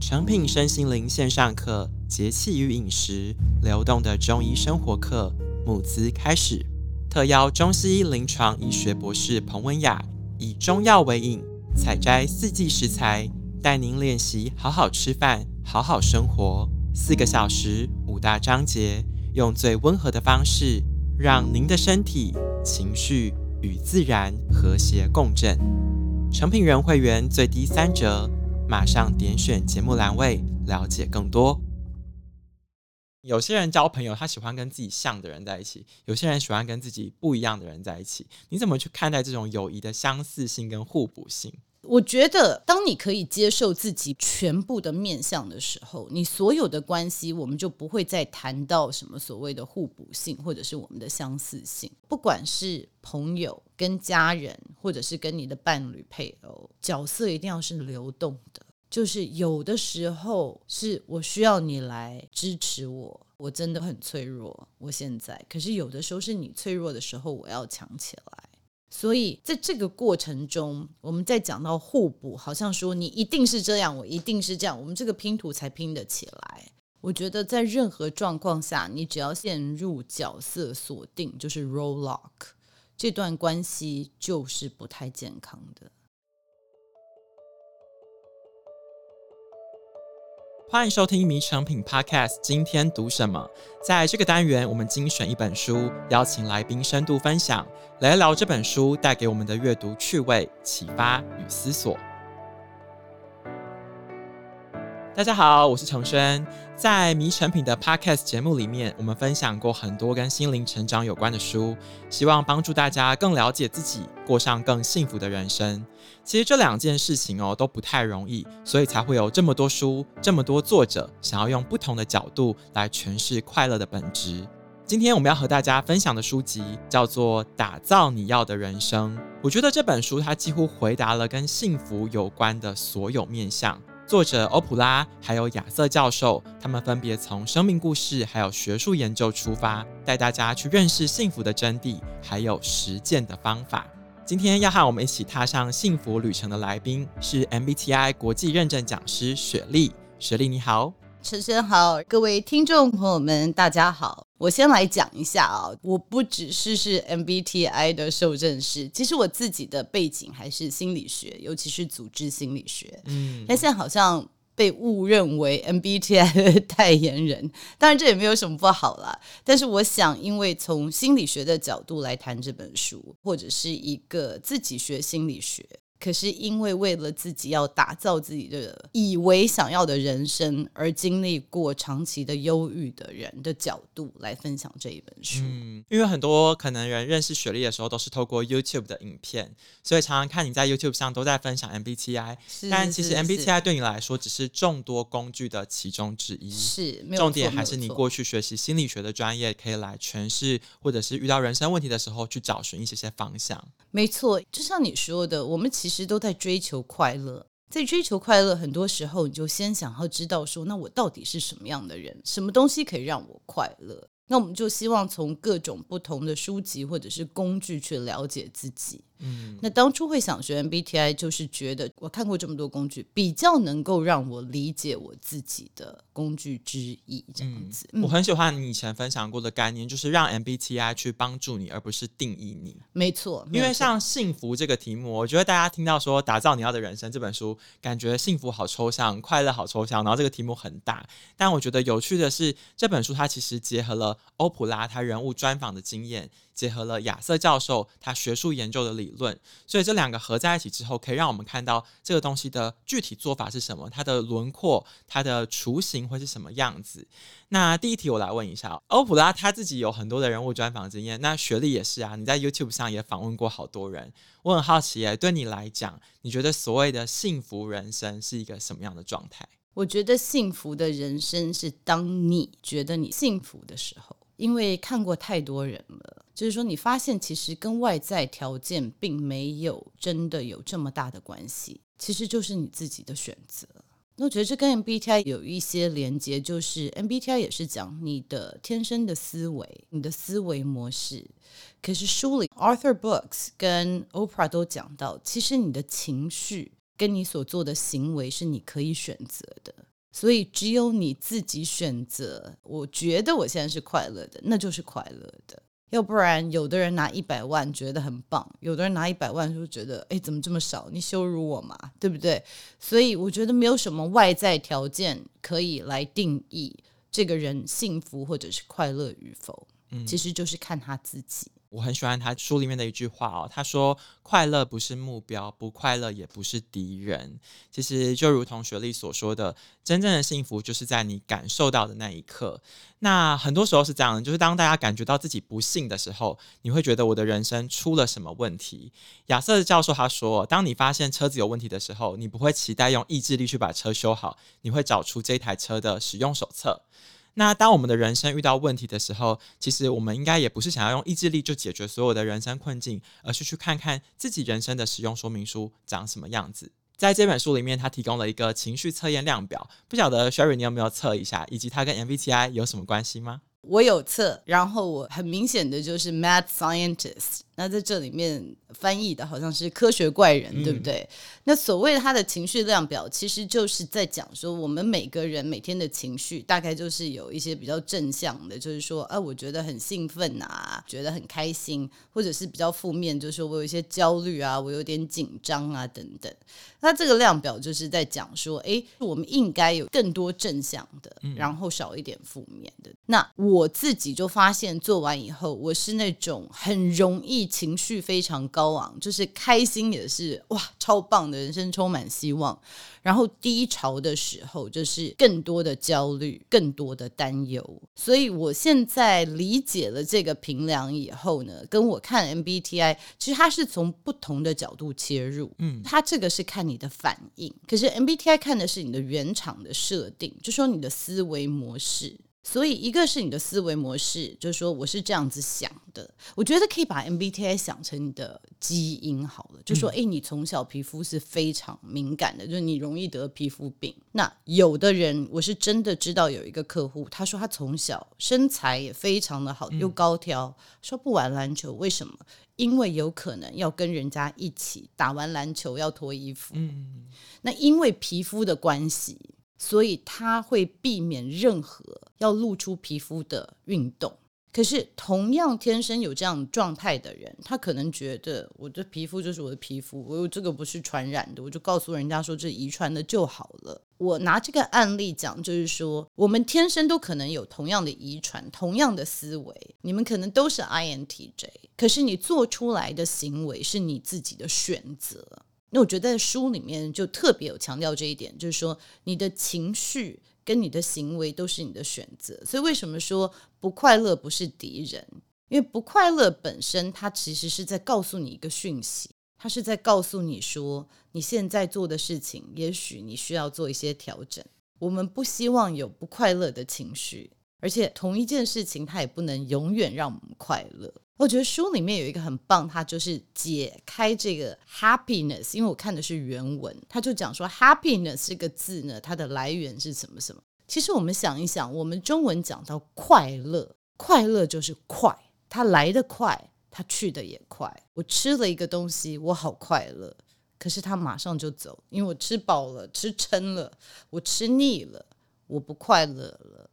誠品身心靈線上課節氣與飲食流動的中醫生活課，募資開始，特邀中西醫臨床醫學博士彭文雅，以中藥為引，採摘四季食材，帶您練習好好吃飯，好好生活。四個小時，五大章節，用最溫和的方式，讓您的身體、情緒與自然和諧共振。誠品人會員最低三折。馬上點選節目欄位，了解更多。有些人交朋友，他喜歡跟自己像的人在一起；有些人喜歡跟自己不一樣的人在一起。你怎麼去看待這種友誼的相似性跟互補性？我覺得，當你可以接受自己全部的面向的時候，你所有的關係，我們就不會再談到什麼所謂的互補性，或者是我們的相似性。不管是朋友、跟家人，或者是跟你的伴侶、配偶，角色一定要是流動的。就是有的時候是我需要你來支持我，我真的很脆弱，我現在；可是有的時候是你脆弱的時候，我要強起來。所以，在這個過程中，我們在講到互補，好像說你一定是這樣，我一定是這樣，我們這個拼圖才拼得起來。我覺得，在任何狀況下，你只要陷入角色鎖定，就是 role lock，這段關係就是不太健康的。歡迎收聽《迷誠品 Podcast》。今天讀什麼？在這個單元，我們精選一本書，邀請來賓深度分享，來聊這本書帶給我們的閱讀趣味、啟發與思索。大家好，我是承軒。在《迷誠品》的 Podcast 節目裡面，我們分享過很多跟心靈成長有關的書，希望幫助大家更了解自己，過上更幸福的人生。其實這兩件事情哦都不太容易，所以才會有這麼多書，這麼多作者想要用不同的角度來詮釋快樂的本質。今天我們要和大家分享的書籍叫做《打造你要的人生》，我覺得這本書它幾乎回答了跟幸福有關的所有面向。作者歐普拉，還有亞瑟教授，他們分別從生命故事還有學術研究出發，帶大家去認識幸福的真諦，還有實踐的方法。今天要和我們一起踏上幸福旅程的來賓是 MBTI 國際認證講師雪力。雪力，你好。承軒好，各位聽眾朋友們，大家好。我先來講一下啊、哦，我不只是是 MBTI 的受證師，其實我自己的背景還是心理學，尤其是組織心理學。嗯，但現在好像被誤認為 MBTI 的代言人，當然這也沒有什麼不好了。但是我想，因為從心理學的角度來談這本書，或者是一個自己學心理學。可是因為為了自己要打造自己的以為想要的人生而經歷過長期的憂鬱的人的角度來分享這一本書，嗯，因為很多可能人認識雪力的時候都是透過 YouTube 的影片，所以常常看你在 YouTube 上都在分享 MBTI，是但其實 MBTI 對你來說只是眾多工具的其中之一，是沒有重點還是你過去學習心理學的專業可以來詮釋，或者是遇到人生問題的時候去找尋一些些方向？沒錯，就像你說的，我們其實。其實都在追求快樂，在追求快樂，很多時候你就先想要知道說，那我到底是什麼樣的人，什麼東西可以讓我快樂？那我們就希望從各種不同的書籍或者是工具去了解自己。嗯，那當初會想學 MBTI，就是覺得我看過這麼多工具，比較能夠讓我理解我自己的工具之一這樣子。嗯嗯、我很喜歡你以前分享過的概念，就是讓 MBTI 去幫助你，而不是定義你。沒錯，因為像幸福這個題目，我覺得大家聽到說《打造你要的人生》這本書，感覺幸福好抽象，快樂好抽象，然後這個題目很大。但我覺得有趣的是，這本書它其實結合了歐普拉他人物專訪的經驗。結合了亞瑟教授他學術研究的理論，所以這兩個合在一起之後，可以讓我們看到這個東西的具體做法是什麼，它的輪廓、它的雛形會是什麼樣子。那第一題我來問一下，歐普拉他自己有很多的人物專訪經驗，那雪力也是啊，你在 YouTube 上也訪問過好多人，我很好奇耶，對你來講，你覺得所謂的幸福人生是一個什麼樣的狀態？我覺得幸福的人生是當你覺得你幸福的時候，因為看過太多人了。就是說，你發現其實跟外在條件並沒有真的有這麼大的關係，其實就是你自己的選擇。那我覺得這跟 MBTI 有一些連接，就是 MBTI 也是講你的天生的思維、你的思維模式。可是書裡 Arthur Books 跟 Oprah 都講到，其實你的情緒跟你所做的行為是你可以選擇的，所以只有你自己選擇。我覺得我現在是快樂的，那就是快樂的。要不然，有的人拿一百萬覺得很棒，有的人拿一百萬就覺得，哎，怎麼這麼少？你羞辱我嘛，對不對？所以我覺得沒有什麼外在條件可以來定義這個人幸福或者是快樂與否，嗯、其實就是看他自己。我很喜歡他書裡面的一句話哦，他說：“快樂不是目標，不快樂也不是敵人。”其實就如同雪力所說的，真正的幸福就是在你感受到的那一刻。那很多時候是這樣的，就是當大家感覺到自己不幸的時候，你會覺得我的人生出了什麼問題。亞瑟教授他說：“當你發現車子有問題的時候，你不會期待用意志力去把車修好，你會找出這台車的使用手冊。”那當我們的人生遇到問題的時候，其實我們應該也不是想要用意志力就解決所有的人生困境，而是去看看自己人生的使用說明書長什麼樣子。在這本書裡面，它提供了一個情緒測驗量表，不曉得 Sherry，你有沒有測一下，以及它跟 MBTI 有什麼關係嗎？我有測，然後我很明顯的就是 Mad Scientist。那在這裡面翻譯的好像是科學怪人，嗯、對不對？那所謂他的情緒量表，其實就是在講說，我們每個人每天的情緒大概就是有一些比較正向的，就是說，啊，我覺得很興奮啊，覺得很開心，或者是比較負面，就是說我有一些焦慮啊，我有點緊張啊，等等。那這個量表就是在講說，哎，我們應該有更多正向的，然後少一點負面的。嗯、那我自己就發現，做完以後，我是那種很容易。情緒非常高昂，就是開心也是哇，超棒的人生充滿希望。然後低潮的時候，就是更多的焦慮，更多的擔憂。所以我現在理解了這個評量以後呢，跟我看 MBTI，其實它是從不同的角度切入，嗯，它這個是看你的反應，可是 MBTI 看的是你的原廠的設定，就說你的思維模式。所以，一個是你的思維模式，就是說我是這樣子想的。我覺得可以把 MBTI 想成你的基因好了，就說哎、嗯，你從小皮膚是非常敏感的，就是你容易得皮膚病。那有的人，我是真的知道有一個客戶，他說他從小身材也非常的好，嗯、又高挑，說不玩籃球，為什麼？因為有可能要跟人家一起打完籃球要脫衣服，嗯嗯嗯。那因為皮膚的關係，所以他會避免任何。要露出皮膚的運動，可是同樣天生有這樣狀態的人，他可能覺得我的皮膚就是我的皮膚，我這個不是傳染的，我就告訴人家說這是遺傳的就好了。我拿這個案例講，就是說我們天生都可能有同樣的遺傳、同樣的思維。你們可能都是 INTJ，可是你做出來的行為是你自己的選擇。那我覺得在書裡面就特別有強調這一點，就是說你的情緒。跟你的行為都是你的選擇，所以為什麼說不快樂不是敵人？因為不快樂本身，它其實是在告訴你一個訊息，它是在告訴你說，你現在做的事情，也許你需要做一些調整。我們不希望有不快樂的情緒，而且同一件事情，它也不能永遠讓我們快樂。我覺得書裡面有一個很棒，它就是解開這個 happiness，因為我看的是原文，它就講說 happiness 這個字呢，它的來源是什麼什麼？其實我們想一想，我們中文講到快樂，快樂就是快，它來得快，它去得也快。我吃了一個東西，我好快樂，可是它馬上就走，因為我吃飽了，吃撐了，我吃膩了，我不快樂了。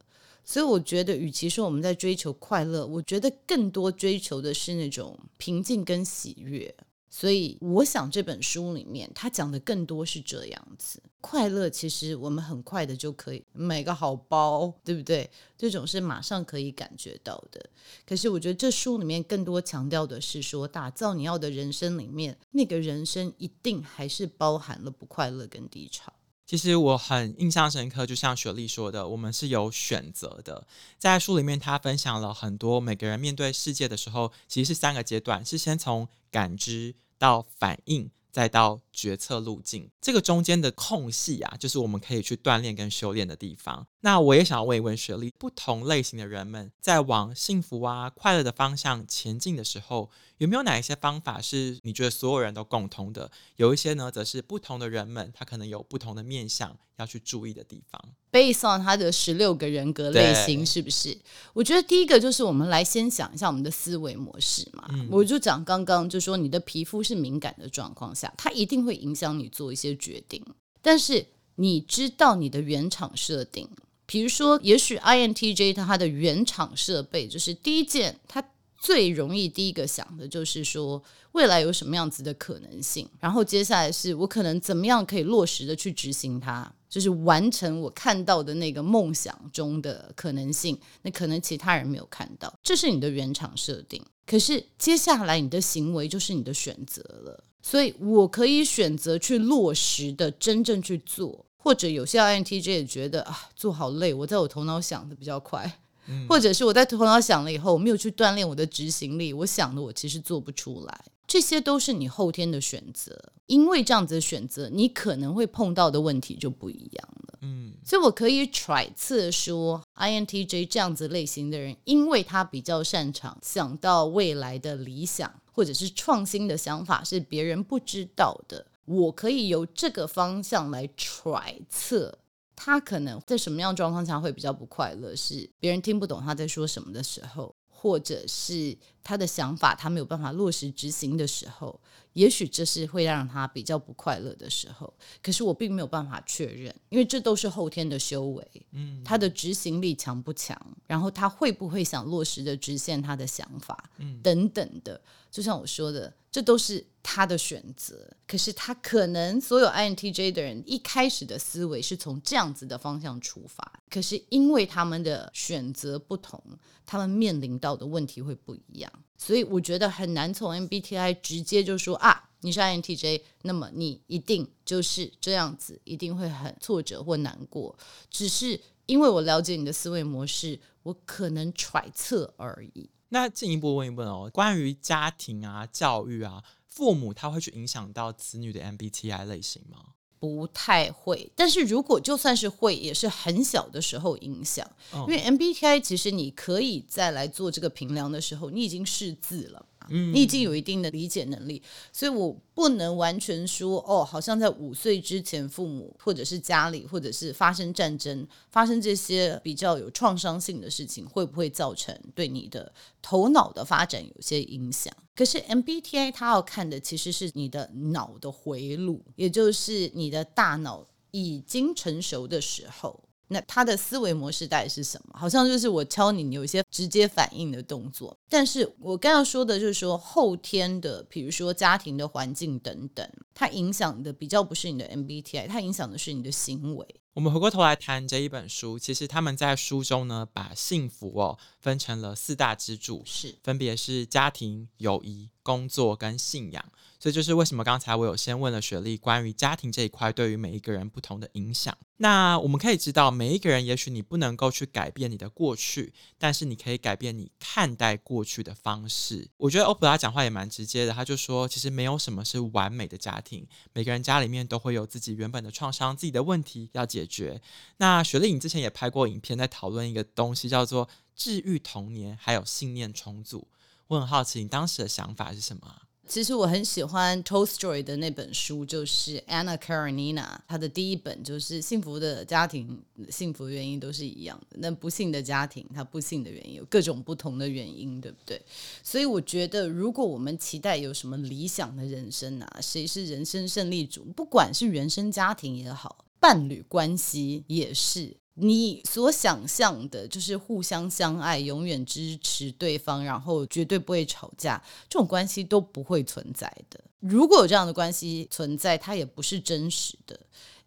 所以我覺得，與其說我們在追求快樂，我覺得更多追求的是那種平靜跟喜悅。所以我想這本書裡面，它講的更多是這樣子：快樂其實我們很快的就可以買個好包，對不對？這種是馬上可以感覺到的。可是我覺得這書裡面更多強調的是說，打造你要的人生裡面，那個人生一定還是包含了不快樂跟低潮。其實我很印象深刻，就像雪力說的，我們是有選擇的。在書裡面，他分享了很多每個人面對世界的時候，其實是三個階段，是先從感知到反應，再到決策路徑。這個中間的空隙啊，就是我們可以去鍛鍊跟修煉的地方。那我也想要問一問雪力，不同類型的人們，在往幸福啊、快樂的方向前進的時候，有沒有哪一些方法是你覺得所有人都共通的？有一些呢，則是不同的人們他可能有不同的面向要去注意的地方。Based on 他的十六個人格類型，對是不是？我覺得第一個就是我們來先想一下我們的思維模式嘛。嗯、我就講剛剛，就說你的皮膚是敏感的狀況下，它一定會影響你做一些決定。但是你知道你的原廠設定。比如說，也許 INTJ 他的原廠設備就是第一件，他最容易第一個想的就是說，未來有什麼樣子的可能性？然後接下來是我可能怎麼樣可以落實的去執行它，就是完成我看到的那個夢想中的可能性。那可能其他人沒有看到，這是你的原廠設定。可是接下來你的行為就是你的選擇了，所以我可以選擇去落實的真正去做。或者有些 INTJ 也覺得啊，做好累。我在我頭腦想的比較快，嗯、或者是我在頭腦想了以後，我沒有去鍛鍊我的執行力，我想的我其實做不出來。這些都是你後天的選擇，因為這樣子的選擇，你可能會碰到的問題就不一樣了。嗯，所以我可以揣測說，INTJ 這樣子類型的人，因為他比較擅長想到未來的理想或者是創新的想法，是別人不知道的。我可以由這個方向來揣測，他可能在什麼樣狀況下會比較不快樂？是別人聽不懂他在說什麼的時候，或者是他的想法他沒有辦法落實執行的時候，也許這是會讓他比較不快樂的時候。可是我並沒有辦法確認，因為這都是後天的修為，嗯，他的執行力強不強，然後他會不會想落實的實現，他的想法，嗯，等等的，就像我說的。這都是他的選擇，可是他可能所有 INTJ 的人一開始的思維是從這樣子的方向出發，可是因為他們的選擇不同，他們面臨到的問題會不一樣，所以我覺得很難從 MBTI 直接就說啊，你是 INTJ，那麼你一定就是這樣子，一定會很挫折或難過。只是因為我了解你的思維模式，我可能揣測而已。那進一步問一問哦，關於家庭啊、教育啊，父母他會去影響到子女的 MBTI 類型嗎？不太會，但是如果就算是會，也是很小的時候影響，嗯，因為 MBTI 其實你可以再來做這個評量的時候，你已經識字了。你已經有一定的理解能力，所以我不能完全說哦，好像在五歲之前，父母或者是家裡，或者是發生戰爭，發生這些比較有創傷性的事情，會不會造成對你的頭腦的發展有些影響？可是 MBTI 它要看的其實是你的腦的回路，也就是你的大腦已經成熟的時候。那他的思維模式到底是什麼？好像就是我敲你，你有一些直接反應的動作。但是我剛剛說的就是說，後天的，比如說家庭的環境等等，它影響的比較不是你的 MBTI，它影響的是你的行為。我們回過頭來談這一本書，其實他們在書中呢，把幸福哦分成了四大支柱，是分別是家庭、友誼、工作跟信仰。所以就是為什麼剛才我有先問了雪力，關於家庭這一塊對於每一個人不同的影響。那我們可以知道，每一個人也許你不能夠去改變你的過去，但是你可以改變你看待過去的方式。我覺得歐普拉講話也蠻直接的，他就說其實沒有什麼是完美的家庭，每個人家裡面都會有自己原本的創傷，自己的問題要解決。那雪力，你之前也拍過影片，在討論一個東西叫做治癒童年，還有信念重組。我很好奇，你當時的想法是什麼？其實我很喜歡 Tolstoy 的那本書，就是《Anna Karenina》，她的第一本就是幸福的家庭，幸福原因都是一樣的。那不幸的家庭，他不幸的原因有各種不同的原因，對不對？所以我覺得，如果我們期待有什麼理想的人生啊，誰是人生勝利組？不管是原生家庭也好，伴侶關係也是。你所想象的，就是互相相愛，永遠支持對方，然後絕對不會吵架，這種關係都不會存在的。如果有這樣的關係存在，它也不是真實的，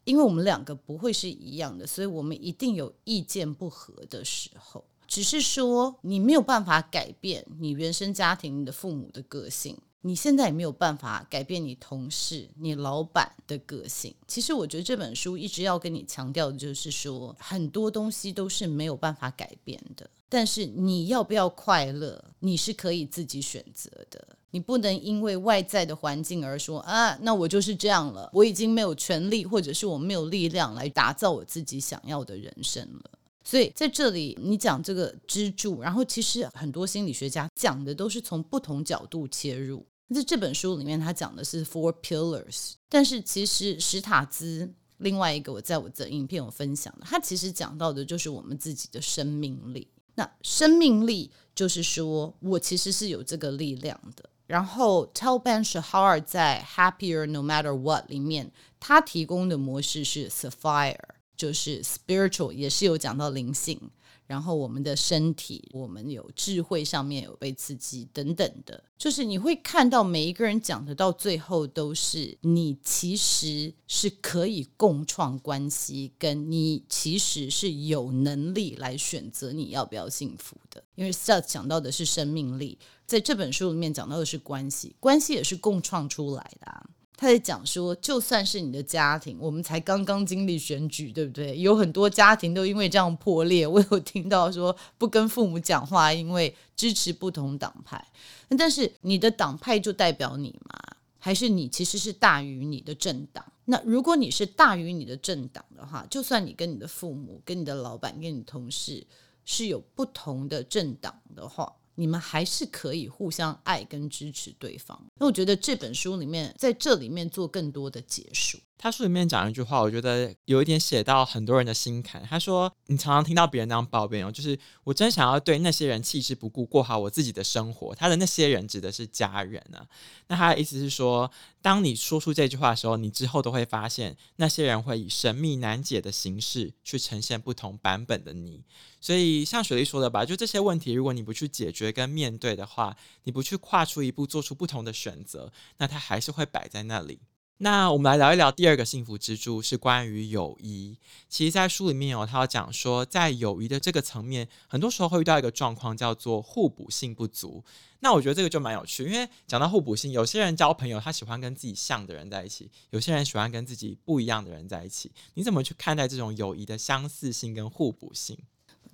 因為我們兩個不會是一樣的，所以我們一定有意見不合的時候。只是說，你沒有辦法改變你原生家庭的父母的個性。你現在也沒有辦法改變你同事、你老闆的個性。其實我覺得這本書一直要跟你強調的就是說，很多東西都是沒有辦法改變的。但是你要不要快樂，你是可以自己選擇的。你不能因為外在的環境而說啊，那我就是這樣了，我已經沒有權利或者是我沒有力量來打造我自己想要的人生了。所以在這裡，你講這個支柱，然後其實很多心理學家講的都是從不同角度切入。那這本書裡面他講的是 four pillars，但是其實史塔茲另外一個我在我的影片有分享，他其實講到的就是我們自己的生命力。那生命力就是說我其實是有這個力量的。然後 Tal Ben Shahar 在 Happier No Matter What 裡面，他提供的模式是 Sapphire。就是 spiritual 也是有講到靈性，然後我們的身體，我們有智慧上面有被刺激等等的，就是你會看到每一個人講的到最後都是你其實是可以共創關係，跟你其實是有能力來選擇你要不要幸福的，因為 Satir 講到的是生命力，在這本書裡面講到的是關係，關係也是共創出來的啊。他在講說，就算是你的家庭，我們才剛剛經歷選舉，對不對？有很多家庭都因為這樣破裂。我有聽到說，不跟父母講話，因為支持不同黨派。但是你的黨派就代表你嗎？還是你其實是大於你的政黨？那如果你是大於你的政黨的話，就算你跟你的父母、跟你的老闆、跟你同事是有不同的政黨的話。你們還是可以互相愛跟支持對方。那我覺得這本書裡面，在這裡面做更多的解釋。他書裡面講了一句話，我覺得有一點寫到很多人的心坎。他說：“你常常聽到別人那樣抱怨哦，就是我真想要對那些人棄之不顧，過好我自己的生活。”他的那些人指的是家人啊。那他的意思是說，當你說出這句話的時候，你之後都會發現那些人會以神秘難解的形式去呈現不同版本的你。所以，像雪力說的吧，就這些問題，如果你不去解決跟面對的話，你不去跨出一步做出不同的選擇，那它還是會擺在那裡。那我們來聊一聊第二個幸福支柱，是關於友誼。其實，在書裡面、哦、有他要講說，在友誼的這個層面，很多時候會遇到一個狀況，叫做互補性不足。那我覺得這個就蠻有趣，因為講到互補性，有些人交朋友，他喜歡跟自己像的人在一起；有些人喜歡跟自己不一樣的人在一起。你怎麼去看待這種友誼的相似性跟互補性？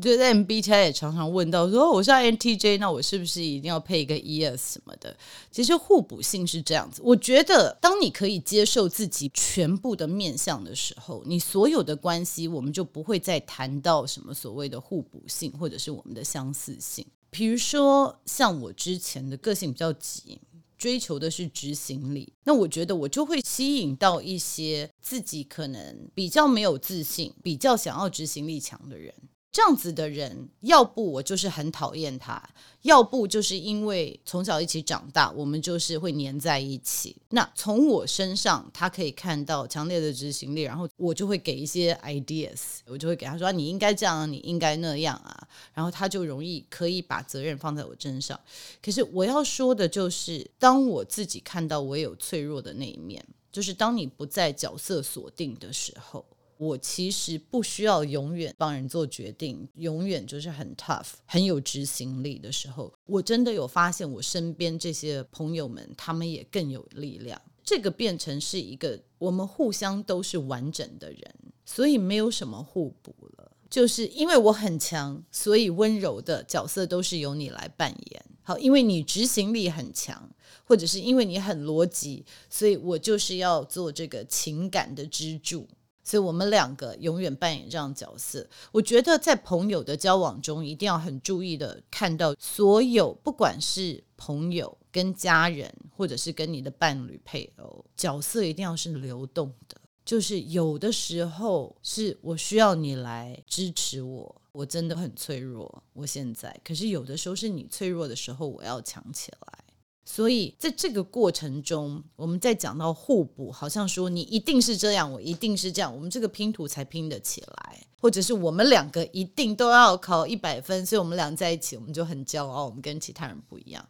就在 MBTI 也常常問到說，哦、我是 INTJ，那我是不是一定要配一個 ES 什麼的？其實互補性是這樣子。我覺得，當你可以接受自己全部的面向的時候，你所有的關係，我們就不會再談到什麼所謂的互補性，或者是我們的相似性。比如說，像我之前的個性比較急，追求的是執行力，那我覺得我就會吸引到一些自己可能比較沒有自信、比較想要執行力強的人。這樣子的人，要不我就是很討厭他，要不就是因為從小一起長大，我們就是會粘在一起。那從我身上，他可以看到強烈的執行力，然後我就會給一些 ideas，我就會給他說你應該這樣，你應該那樣啊，然後他就容易可以把責任放在我身上。可是我要說的就是當我自己看到我有脆弱的那一面，就是當你不在角色鎖定的時候。我其實不需要永遠幫人做決定，永遠就是很 tough，很有執行力的時候，我真的有發現我身邊這些朋友們，他們也更有力量。這個變成是一個我們互相都是完整的人，所以沒有什麼互補了。就是因為我很強，所以溫柔的角色都是由你來扮演。好，因為你執行力很強，或者是因為你很邏輯，所以我就是要做這個情感的支柱。所以我們兩個永遠扮演這樣角色。我覺得在朋友的交往中，一定要很注意的看到所有，不管是朋友、跟家人，或者是跟你的伴侶、配偶，角色一定要是流動的。就是有的時候是我需要你來支持我，我真的很脆弱，我現在，可是有的時候是你脆弱的時候，我要強起來。所以，在這個過程中，我們在講到互補，好像說你一定是這樣，我一定是這樣，我們這個拼圖才拼得起來，或者是我們兩個一定都要考一百分，所以我們倆在一起，我們就很驕傲，我們跟其他人不一樣。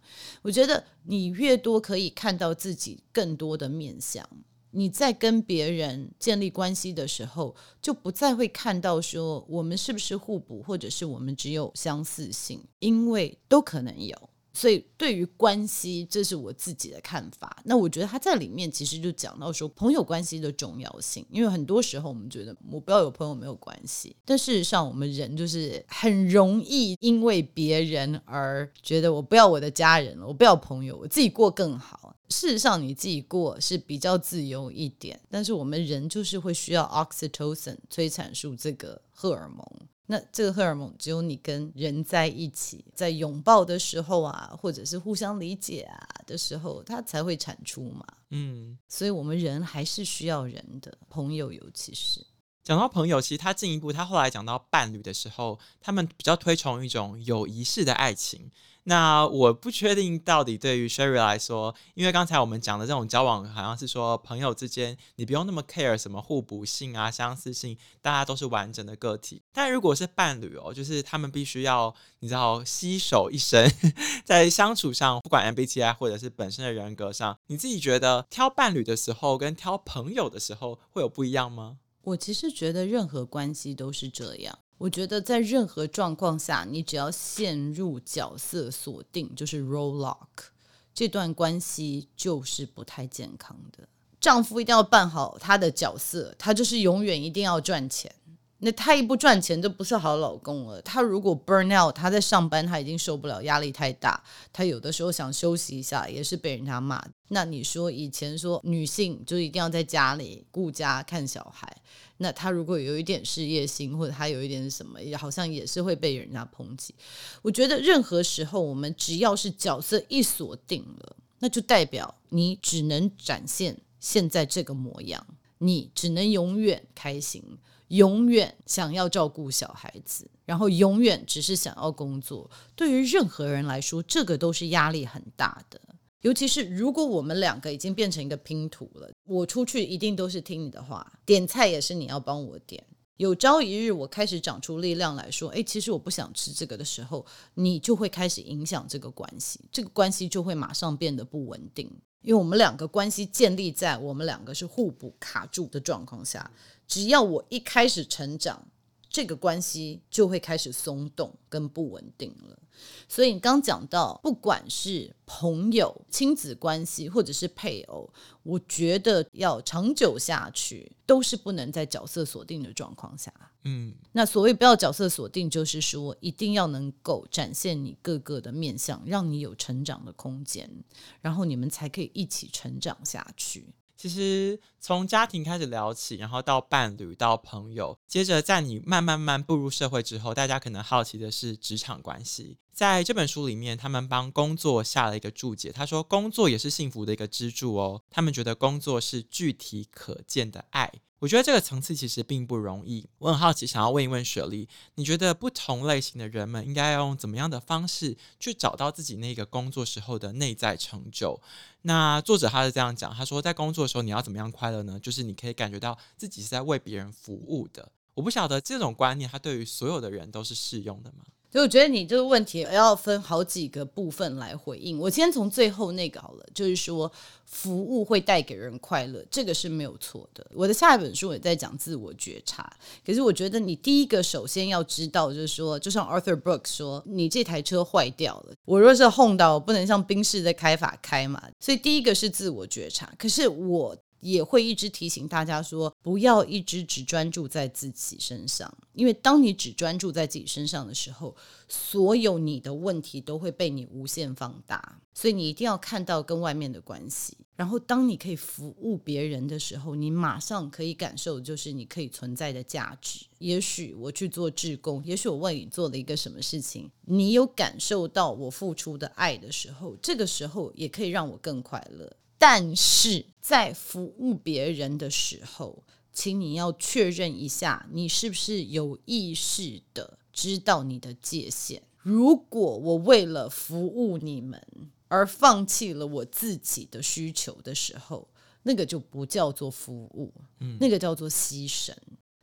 我覺得你越多可以看到自己更多的面向，你在跟別人建立關係的時候，就不再會看到說我們是不是互補，或者是我們只有相似性，因為都可能有。所以，對於關係，這是我自己的看法。那我覺得他在裡面其實就講到說，朋友關係的重要性。因為很多時候我們覺得我不要有朋友沒有關係，但事實上我們人就是很容易因為別人而覺得我不要我的家人了，我不要朋友，我自己過更好。事實上你自己過是比較自由一點，但是我們人就是會需要 oxytocin 催產素這個荷爾蒙。那這個荷爾蒙只有你跟人在一起，在擁抱的時候啊，或者是互相理解啊的時候，它才會產出嘛。嗯，所以我們人還是需要人的朋友，尤其是講到朋友，其實他進一步，他後來講到伴侶的時候，他們比較推崇一種有儀式的愛情。那我不確定到底對於 Sherry 來說，因為剛才我們講的這種交往，好像是說朋友之間，你不用那麼 care 什麼互補性啊、相似性，大家都是完整的個體。但如果是伴侶哦，就是他們必須要你知道攜手一生， 在相處上，不管 MBTI 或者是本身的人格上，你自己覺得挑伴侶的時候跟挑朋友的時候會有不一樣嗎？我其實覺得任何關係都是這樣。我覺得在任何狀況下，你只要陷入角色鎖定，就是 role lock，這段關係就是不太健康的。丈夫一定要扮好他的角色，他就是永遠一定要賺錢。那他一不賺錢，就不是好老公了。他如果 burn out，他在上班，他已經受不了壓力太大。他有的時候想休息一下，也是被人家罵。那你說以前說女性就一定要在家裡顧家看小孩，那他如果有一點事業心，或者他有一點什麼，也好像也是會被人家抨擊。我覺得任何時候，我們只要是角色一鎖定了，那就代表你只能展現現在這個模樣，你只能永遠開心。永遠想要照顧小孩子，然後永遠只是想要工作。對於任何人來說，這個都是壓力很大的。尤其是如果我們兩個已經變成一個拼圖了，我出去一定都是聽你的話，點菜也是你要幫我點。有朝一日我開始長出力量來說：“哎，其實我不想吃這個”的時候，你就會開始影響這個關係，這個關係就會馬上變得不穩定。因為我們兩個關係建立在我們兩個是互補卡住的狀況下，只要我一開始成長。這個關係就會開始鬆動跟不穩定了。所以你剛講到，不管是朋友、親子關係或者是配偶，我覺得要長久下去，都是不能在角色鎖定的狀況下。嗯，那所謂不要角色鎖定，就是說一定要能夠展現你各個的面相，讓你有成長的空間，然後你們才可以一起成長下去。其實從家庭開始聊起，然後到伴侶、到朋友，接着在你慢慢慢慢步入社會之後，大家可能好奇的是職場關係。在這本書裡面，他們幫工作下了一個注解。他說：“工作也是幸福的一個支柱哦。”他們覺得工作是具體可見的愛。我覺得這個層次其實並不容易。我很好奇，想要問一問雪力，你覺得不同類型的人們應該要用怎麼樣的方式去找到自己那個工作時候的內在成就？那作者他是這樣講，他說：“在工作的時候，你要怎麼樣快樂呢？就是你可以感覺到自己是在為別人服務的。”我不曉得這種觀念他對於所有的人都是適用的嗎？所以我覺得你這個問題要分好幾個部分來回應。我先從最後那個好了，就是說服務會帶給人快樂，這個是沒有錯的。我的下一本書也在講自我覺察。可是我覺得你第一個首先要知道，就是說，就像 Arthur Brooks 說，你這台車壞掉了，我若是 Honda，我不能像賓士的開法開嘛。所以第一個是自我覺察。可是我。也會一直提醒大家說，不要一直只專注在自己身上，因為當你只專注在自己身上的時候，所有你的問題都會被你無限放大。所以你一定要看到跟外面的關係。然後，當你可以服務別人的時候，你馬上可以感受就是你可以存在的價值。也許我去做志工，也許我為你做了一個什麼事情，你有感受到我付出的愛的時候，這個時候也可以讓我更快樂。但是在服務別人的時候，請你要確認一下，你是不是有意識的知道你的界限？如果我為了服務你們而放棄了我自己的需求的時候，那個就不叫做服務，嗯，那個叫做犧牲。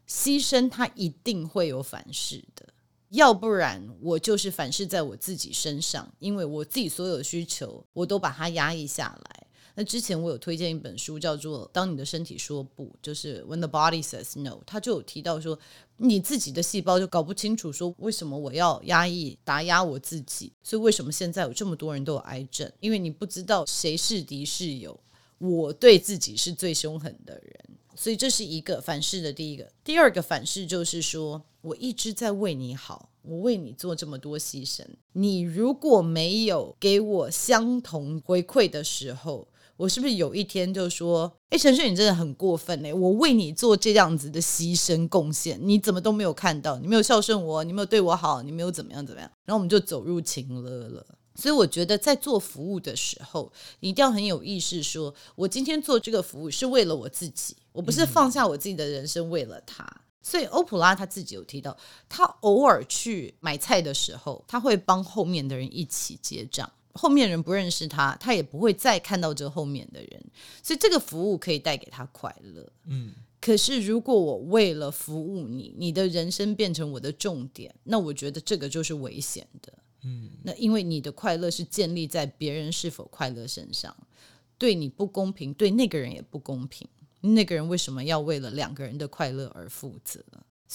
犧牲它一定會有反噬的，要不然我就是反噬在我自己身上，因為我自己所有的需求我都把它壓抑下來。那之前我有推薦一本書，叫做《當你的身體說不》，就是 "When the body says no"，它就有提到說，你自己的細胞就搞不清楚說為什麼我要壓抑打壓我自己，所以為什麼現在有這麼多人都有癌症？因為你不知道誰是敵是友，我對自己是最凶狠的人，所以這是一個反噬的第一個。第二個反噬就是說我一直在為你好，我為你做這麼多犧牲，你如果沒有給我相同回饋的時候。我是不是有一天就說：“哎，陳順，你真的很過分嘞！我為你做這樣子的犧牲貢獻，你怎麼都沒有看到？你沒有孝順我，你沒有對我好，你沒有怎麼樣怎麼樣？然後我們就走入情勒了。所以我覺得在做服務的時候，你一定要很有意識說，說我今天做這個服務是為了我自己，我不是放下我自己的人生為了他。嗯、所以歐普拉他自己有提到，他偶爾去買菜的時候，他會幫後面的人一起結賬。”後面人不認識他，他也不會再看到這後面的人，所以這個服務可以帶給他快樂。嗯，可是如果我為了服務你，你的人生變成我的重點，那我覺得這個就是危險的。嗯，那因為你的快樂是建立在別人是否快樂身上，對你不公平，對那個人也不公平。那個人為什麼要為了兩個人的快樂而負責？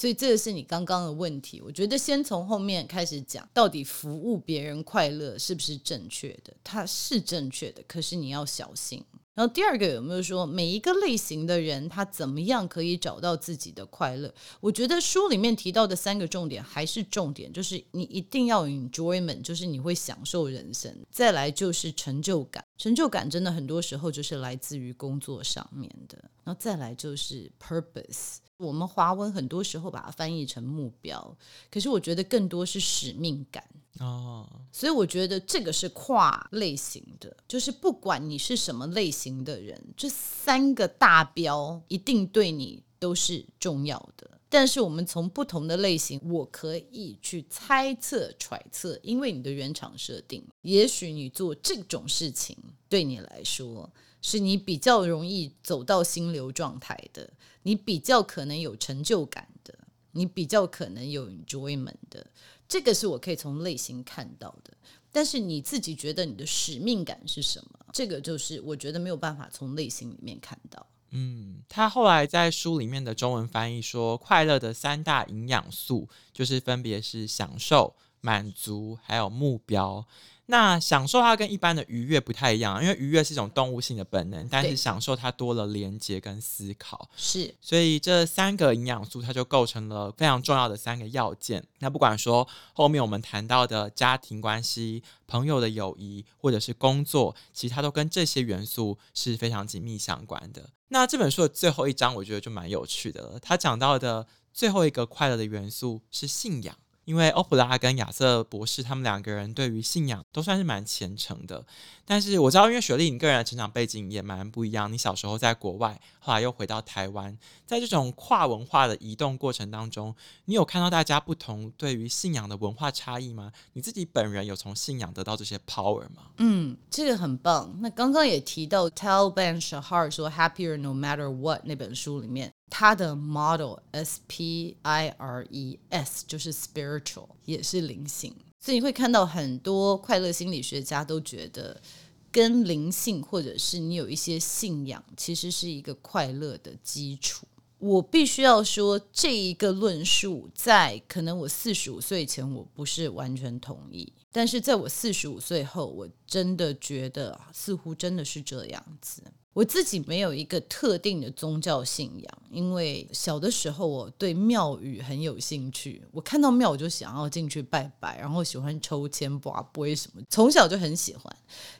所以這個是你剛剛的問題，我覺得先從後面開始講，到底服務別人快樂是不是正確的？它是正確的，可是你要小心。然後第二個有沒有說每一個類型的人他怎麼樣可以找到自己的快樂？我覺得書裡面提到的三個重點還是重點，就是你一定要 enjoyment，就是你會享受人生；再來就是成就感，成就感真的很多時候就是來自於工作上面的；然後再來就是 purpose，我們華文很多時候把它翻譯成目標，可是我覺得更多是使命感。哦，oh. 所以我覺得這個是跨類型的，就是不管你是什麼類型的人，這三個大標一定對你都是重要的。但是我們從不同的類型，我可以去猜測揣測，因為你的原廠設定，也許你做這種事情，對你來說是你比較容易走到心流狀態的，你比較可能有成就感的，你比較可能有 enjoyment 的。這個是我可以從內心看到的，但是你自己覺得你的使命感是什麼？這個就是我覺得沒有辦法從內心裡面看到。嗯，他後來在書裡面的中文翻譯說，快樂的三大營養素就是分別是享受、滿足、還有目標。那享受它跟一般的愉悅不太一樣啊，因為愉悅是一種動物性的本能，但是享受它多了連接跟思考，是對。所以這三個營養素它就構成了非常重要的三個要件。那不管說後面我們談到的家庭關係、朋友的友誼，或者是工作，其實它都跟這些元素是非常緊密相關的。那這本書的最後一章，我覺得就蠻有趣的了。它講到的最後一個快樂的元素是信仰。因為歐普拉跟亞瑟博士，他們兩個人對於信仰都算是蠻虔誠的。但是我知道，因為雪力，你個人的成長背景也蠻不一樣。你小時候在國外，後來又回到台灣，在這種跨文化的移動過程當中，你有看到大家不同對於信仰的文化差異嗎？你自己本人有從信仰得到這些 power 嗎？嗯，這個很棒。那剛剛也提到《Tell Ben Shahar 說 Happier No Matter What》那本書裡面。它的 model S P I R E S 就是 spiritual，也是靈性。所以你會看到很多快樂心理學家都覺得，跟靈性或者是你有一些信仰，其實是一個快樂的基礎。我必須要說，這一個論述在，可能我四十五歲前，我不是完全同意；但是在我四十五歲後，我真的覺得似乎真的是這樣子。我自己沒有一個特定的宗教信仰，因為小的時候我對廟宇很有興趣，我看到廟我就想要進去拜拜，然後喜歡抽籤、拔杯什麼，從小就很喜歡。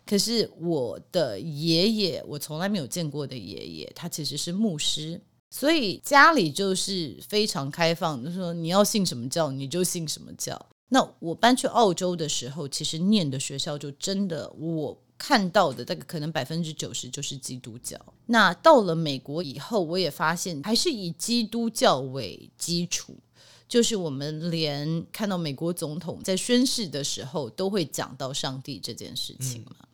可是我的爺爺，我從來沒有見過的爺爺，他其實是牧師，所以家裡就是非常開放，就是說你要信什麼教你就信什麼教。那我搬去澳洲的時候，其實念的學校就真的我，看到的大概、這個、可能百分之九十就是基督教。那到了美國以後，我也發現還是以基督教為基礎，就是我們連看到美國總統在宣誓的時候都會講到上帝這件事情嘛，嗯、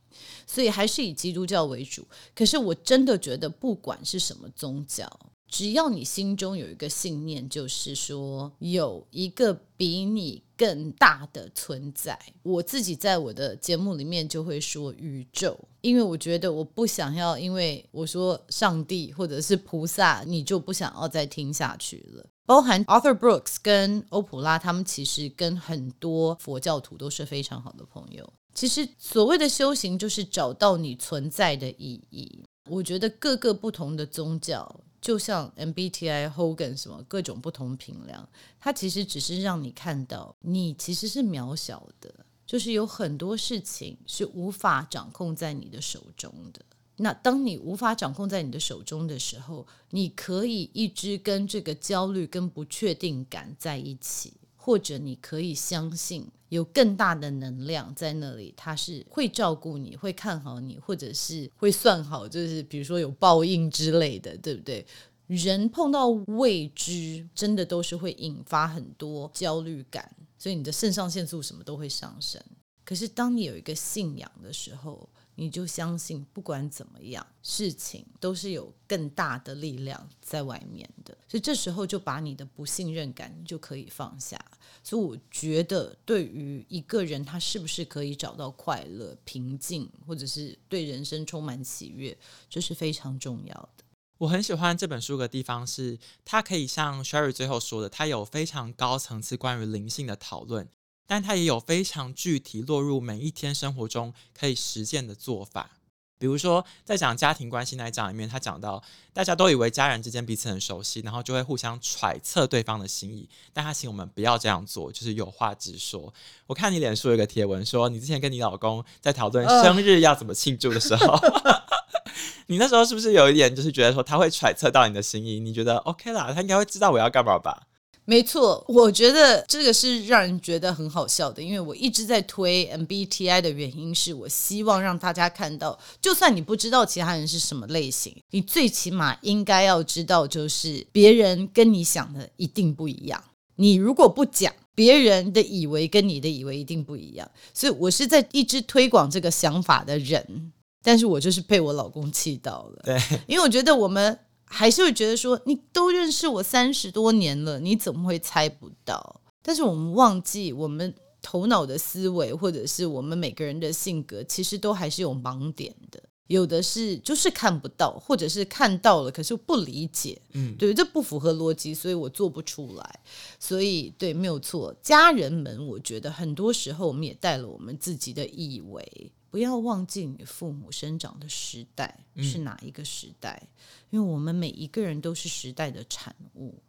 所以還是以基督教為主。可是我真的覺得，不管是什麼宗教。只要你心中有一個信念，就是說有一個比你更大的存在。我自己在我的節目裡面就會說宇宙，因為我覺得我不想要，因為我說上帝或者是菩薩，你就不想要再聽下去了。包含 Arthur Brooks 跟歐普拉，他們其實跟很多佛教徒都是非常好的朋友。其實所謂的修行，就是找到你存在的意義。我覺得各個不同的宗教。就像 MBTI、Hogan 什麼各種不同評量，它其實只是讓你看到你其實是渺小的，就是有很多事情是無法掌控在你的手中的。那當你無法掌控在你的手中的時候，你可以一直跟這個焦慮跟不確定感在一起。或者你可以相信有更大的能量在那裡，它是會照顧你，會看好你，或者是會算好，就是比如說有報應之類的，對不對？人碰到未知，真的都是會引發很多焦慮感，所以你的腎上腺素什麼都會上升。可是當你有一個信仰的時候，你就相信，不管怎麼樣，事情都是有更大的力量在外面的，所以這時候就把你的不信任感就可以放下。所以我覺得，對於一個人他是不是可以找到快樂、平靜，或者是對人生充滿喜悅，這、就是非常重要的。我很喜歡這本書的地方是，它可以像 Sherry 最後說的，它有非常高層次關於靈性的討論。但他也有非常具體，落入每一天生活中可以實踐的做法。比如說，在講家庭關係那一章裡面，他講到大家都以為家人之間彼此很熟悉，然後就會互相揣測對方的心意。但他請我們不要這樣做，就是有話直說。我看你臉書有一個貼文說，說你之前跟你老公在討論生日要怎麼慶祝的時候，呃、 你那時候是不是有一點就是覺得說他會揣測到你的心意？你覺得 OK 啦？他應該會知道我要幹嘛吧？沒錯，我覺得這個是讓人覺得很好笑的，因為我一直在推 MBTI 的原因，是我希望讓大家看到，就算你不知道其他人是什麼類型，你最起碼應該要知道，就是別人跟你想的一定不一樣。你如果不講，別人的以為跟你的以為一定不一樣。所以我是在一直推廣這個想法的人，但是我就是被我老公氣到了，對，因為我覺得我們。還是會覺得說，你都認識我三十多年了，你怎麼會猜不到？但是我們忘記，我們頭腦的思維或者是我們每個人的性格，其實都還是有盲點的。有的是就是看不到，或者是看到了，可是我不理解。嗯，對，這不符合邏輯，所以我做不出來。所以對，沒有錯。家人們，我覺得很多時候我們也帶了我們自己的以為。不要忘記你父母生長的時代是哪一個時代，嗯，因為我們每一個人都是時代的產物。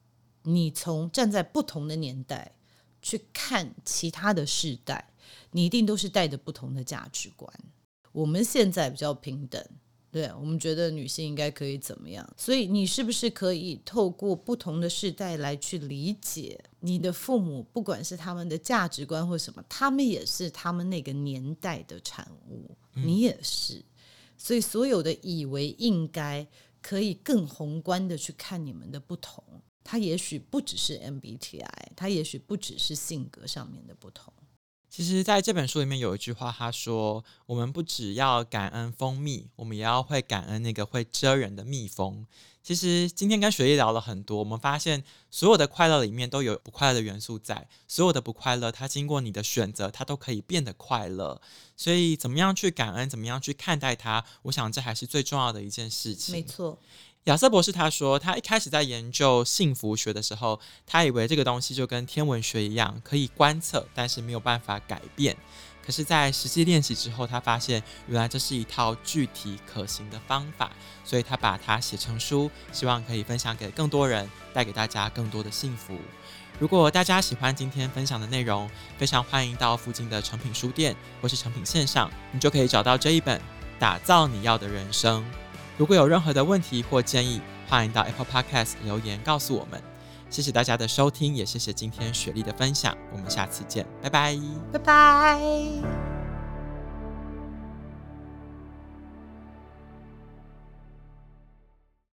你從站在不同的年代去看其他的世代，你一定都是帶着不同的價值觀。我們現在比較平等。對，我們覺得女性應該可以怎麼樣？所以你是不是可以透過不同的世代來去理解你的父母？不管是他們的價值觀或什麼，他們也是他們那個年代的產物，你也是。所以所有的以為應該可以更宏觀的去看你們的不同，它也許不只是 MBTI，它也許不只是性格上面的不同。其實，在這本書裡面有一句話，他說：“我們不只要感恩蜂蜜，我們也要會感恩那個會蟄人的蜜蜂。”其實，今天跟雪力聊了很多，我們發現所有的快樂裡面都有不快樂的元素在，所有的不快樂，它經過你的選擇，它都可以變得快樂。所以，怎麼樣去感恩，怎麼樣去看待它，我想這還是最重要的一件事情。沒錯。亞瑟博士他說，他一開始在研究幸福學的時候，他以為這個東西就跟天文學一樣，可以觀測，但是沒有辦法改變。可是，在實際練習之後，他發現原來這是一套具體可行的方法，所以他把它寫成書，希望可以分享給更多人，帶給大家更多的幸福。如果大家喜歡今天分享的內容，非常歡迎到附近的誠品書店或是誠品線上，你就可以找到這一本《打造你要的人生》。如果有任何的問題或建議，歡迎到 Apple Podcast 留言告訴我們。謝謝大家的收聽，也謝謝今天雪力的分享。我們下次見，拜拜，拜拜。